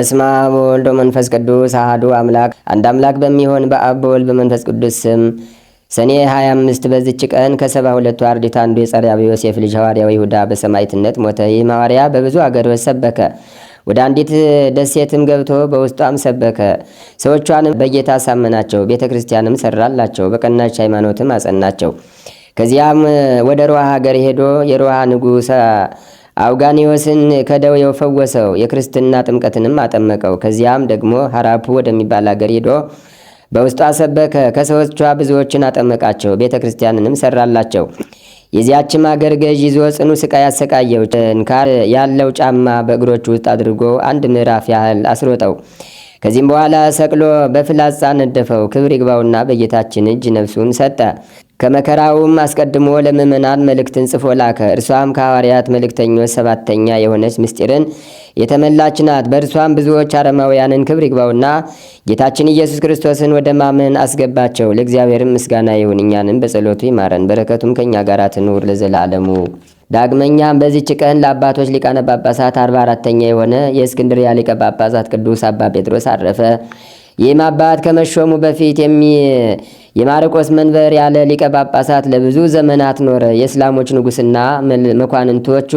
በስመ አብ ወወልድ ወመንፈስ ቅዱስ አሐዱ አምላክ አንድ አምላክ በሚሆን በአብ ወልድ በመንፈስ ቅዱስ ስም ሰኔ 25 በዚች ቀን ከሰባ ሁለቱ አርድእት አንዱ የጸራብዮስ ዮሴፍ ልጅ ሐዋርያው ይሁዳ በሰማዕትነት ሞተ። ይህ ሐዋርያ በብዙ አገሮች ሰበከ። ወደ አንዲት ደሴትም ገብቶ በውስጧም ሰበከ። ሰዎቿንም በጌታ አሳመናቸው። ቤተ ክርስቲያንም ሰራላቸው። በቀናች ሃይማኖትም አጸናቸው። ከዚያም ወደ ሮሃ ሀገር ሄዶ የሮሃ ንጉሥ አውጋኒዎስን ከደዌው ፈወሰው፣ የክርስትና ጥምቀትንም አጠመቀው። ከዚያም ደግሞ ሐራፑ ወደሚባል አገር ሄዶ በውስጧ ሰበከ፣ ከሰዎቿ ብዙዎችን አጠመቃቸው፣ ቤተ ክርስቲያንንም ሰራላቸው። የዚያችም አገር ገዥ ይዞ ጽኑ ስቃይ አሰቃየው። ንካር ያለው ጫማ በእግሮች ውስጥ አድርጎ አንድ ምዕራፍ ያህል አስሮጠው። ከዚህም በኋላ ሰቅሎ በፍላጻ ነደፈው። ክብር ይግባውና በጌታችን እጅ ነፍሱን ሰጠ። ከመከራውም አስቀድሞ ለምእመናን መልእክትን ጽፎ ላከ። እርሷም ከሐዋርያት መልእክተኞች ሰባተኛ የሆነች ምስጢርን የተመላች ናት። በእርሷም ብዙዎች አረማውያንን ክብር ይግባውና ጌታችን ኢየሱስ ክርስቶስን ወደ ማመን አስገባቸው። ለእግዚአብሔርም ምስጋና ይሁን፣ እኛንም በጸሎቱ ይማረን፣ በረከቱም ከእኛ ጋር ትኑር ለዘላለሙ። ዳግመኛም በዚች ቀን ለአባቶች ሊቃነ ጳጳሳት አርባ አራተኛ የሆነ የእስክንድርያ ሊቀ ጳጳሳት ቅዱስ አባ ጴጥሮስ አረፈ። ይህም አባት ከመሾሙ በፊት የማርቆስ መንበር ያለ ሊቀ ጳጳሳት ለብዙ ዘመናት ኖረ። የእስላሞች ንጉሥና መኳንንቶቹ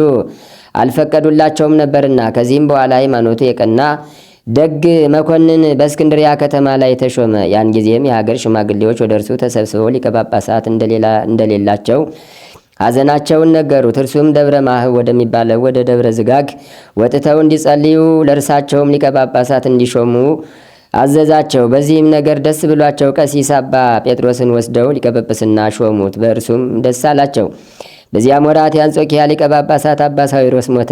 አልፈቀዱላቸውም ነበርና። ከዚህም በኋላ ሃይማኖቱ የቀና ደግ መኮንን በእስክንድሪያ ከተማ ላይ ተሾመ። ያን ጊዜም የሀገር ሽማግሌዎች ወደ እርሱ ተሰብስበው ሊቀ ጳጳሳት እንደሌላቸው ሐዘናቸውን ነገሩት። እርሱም ደብረ ማህ ወደሚባለው ወደ ደብረ ዝጋግ ወጥተው እንዲጸልዩ ለእርሳቸውም ሊቀ ጳጳሳት እንዲሾሙ አዘዛቸው። በዚህም ነገር ደስ ብሏቸው ቀሲስ አባ ጴጥሮስን ወስደው ሊቀ ሾሙት። በእርሱም ደስ አላቸው። በዚያም ወራት የአንጾኪያ ሊቀ ጳጳሳት አባ ሳዊሮስ ሞተ።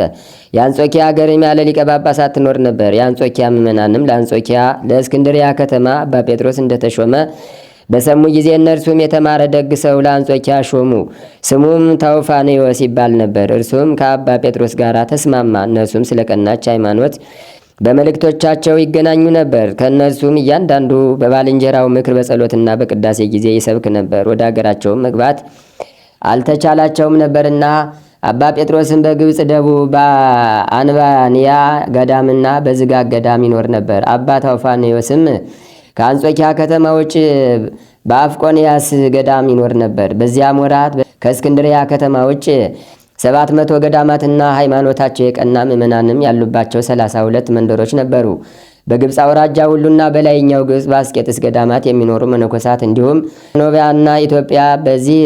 የአንጾኪያ ሀገርም ያለ ሊቀ ጳጳሳት ትኖር ነበር። የአንጾኪያ ምዕመናንም ለአንጾኪያ ለእስክንድሪያ ከተማ አባ ጴጥሮስ እንደተሾመ በሰሙ ጊዜ እነርሱም የተማረ ደግ ሰው ለአንጾኪያ ሾሙ። ስሙም ታውፋኔዎስ ይባል ነበር። እርሱም ከአባ ጴጥሮስ ጋር ተስማማ። እነርሱም ስለ ቀናች ሃይማኖት በመልእክቶቻቸው ይገናኙ ነበር። ከእነርሱም እያንዳንዱ በባልንጀራው ምክር በጸሎትና በቅዳሴ ጊዜ ይሰብክ ነበር። ወደ አገራቸውም መግባት አልተቻላቸውም ነበርና አባ ጴጥሮስን በግብፅ ደቡብ በአንባንያ ገዳምና በዝጋግ ገዳም ይኖር ነበር። አባ ታውፋንዮስም ከአንጾኪያ ከተማ ውጭ በአፍቆንያስ ገዳም ይኖር ነበር። በዚያም ወራት ከእስክንድሪያ ከተማ ውጭ ሰባት መቶ ገዳማትና ሃይማኖታቸው የቀና ምዕመናንም ያሉባቸው 32 መንደሮች ነበሩ። በግብፅ አውራጃ ሁሉና በላይኛው ግብፅ በአስቄጥስ ገዳማት የሚኖሩ መነኮሳት እንዲሁም ኖቢያና ኢትዮጵያ በዚህ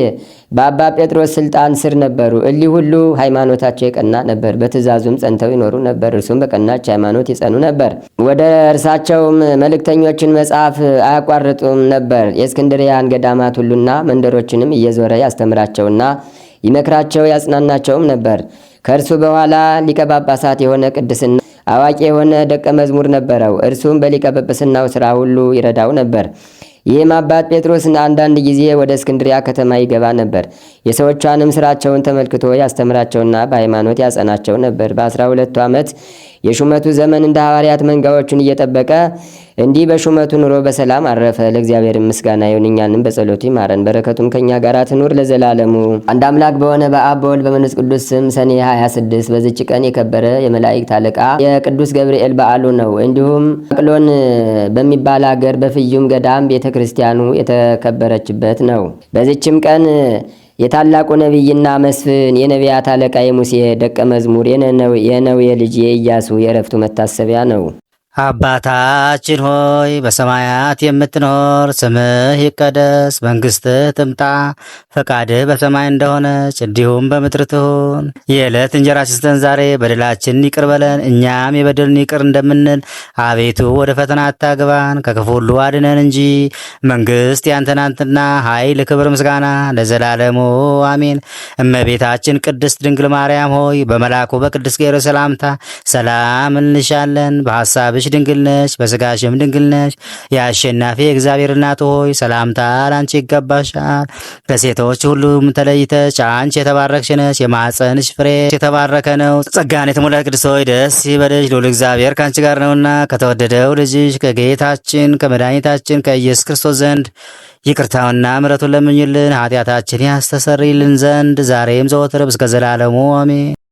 በአባ ጴጥሮስ ስልጣን ስር ነበሩ። እሊ ሁሉ ሃይማኖታቸው የቀና ነበር፣ በትእዛዙም ጸንተው ይኖሩ ነበር። እርሱም በቀናች ሃይማኖት ይጸኑ ነበር። ወደ እርሳቸውም መልእክተኞችን መጽሐፍ አያቋርጡም ነበር። የእስክንድርያን ገዳማት ሁሉና መንደሮችንም እየዞረ ያስተምራቸውና ይመክራቸው ያጽናናቸውም ነበር። ከእርሱ በኋላ ሊቀ ጳጳሳት የሆነ ቅድስና አዋቂ የሆነ ደቀ መዝሙር ነበረው። እርሱም በሊቀ ጵጵስናው ሥራ ሁሉ ይረዳው ነበር። ይህም አባት ጴጥሮስ አንዳንድ ጊዜ ወደ እስክንድሪያ ከተማ ይገባ ነበር። የሰዎቿንም ስራቸውን ተመልክቶ ያስተምራቸውና በሃይማኖት ያጸናቸው ነበር። በአስራ ሁለቱ ዓመት የሹመቱ ዘመን እንደ ሐዋርያት መንጋዎቹን እየጠበቀ እንዲህ በሹመቱ ኑሮ በሰላም አረፈ። ለእግዚአብሔር ምስጋና ይሁን፣ እኛንም በጸሎቱ ይማረን፣ በረከቱም ከእኛ ጋር ትኑር ለዘላለሙ። አንድ አምላክ በሆነ በአብ በወልድ በመንፈስ ቅዱስ ስም ሰኔ 26 በዚች ቀን የከበረ የመላእክት አለቃ የቅዱስ ገብርኤል በዓሉ ነው። እንዲሁም አቅሎን በሚባል አገር በፍዩም ገዳም ቤተ ክርስቲያኑ የተከበረችበት ነው። በዚችም ቀን የታላቁ ነቢይና መስፍን የነቢያት አለቃ የሙሴ ደቀ መዝሙር የነው የልጅ የኢያሱ የእረፍቱ መታሰቢያ ነው። አባታችን ሆይ በሰማያት የምትኖር፣ ስምህ ይቀደስ፣ መንግሥትህ ትምጣ፣ ፈቃድህ በሰማይ እንደሆነች እንዲሁም በምድር ትሁን። የዕለት እንጀራችንን ስጠን ዛሬ፣ በደላችንን ይቅር በለን እኛም የበደልን ይቅር እንደምንል፣ አቤቱ ወደ ፈተና አታግባን፣ ከክፉ ሁሉ አድነን እንጂ መንግሥት ያንተ ናትና፣ ኃይል፣ ክብር፣ ምስጋና ለዘላለሙ አሜን። እመቤታችን ቅድስት ድንግል ማርያም ሆይ በመልአኩ በቅዱስ ገብርኤል ሰላምታ ሰላም እንልሻለን። በሐሳብሽ ድንግል ነሽ፣ በስጋሽም ድንግል ነሽ። የአሸናፊ እግዚአብሔር እናት ሆይ ሰላምታ ላንቺ ይገባሻል። ከሴቶች ሁሉም ተለይተሽ አንቺ የተባረክሽ ነሽ። የማኅፀንሽ ፍሬ የተባረከ ነው። ጸጋን የተሞላ ቅድስት ሆይ ደስ ይበልሽ፣ ልዑል እግዚአብሔር ከአንቺ ጋር ነውና ከተወደደው ልጅሽ ከጌታችን ከመድኃኒታችን ከኢየሱስ ክርስቶስ ዘንድ ይቅርታውና ምሕረቱን ለምኝልን ኃጢአታችን ያስተሰርይልን ዘንድ ዛሬም ዘወትርም እስከ ዘላለሙ አሜን።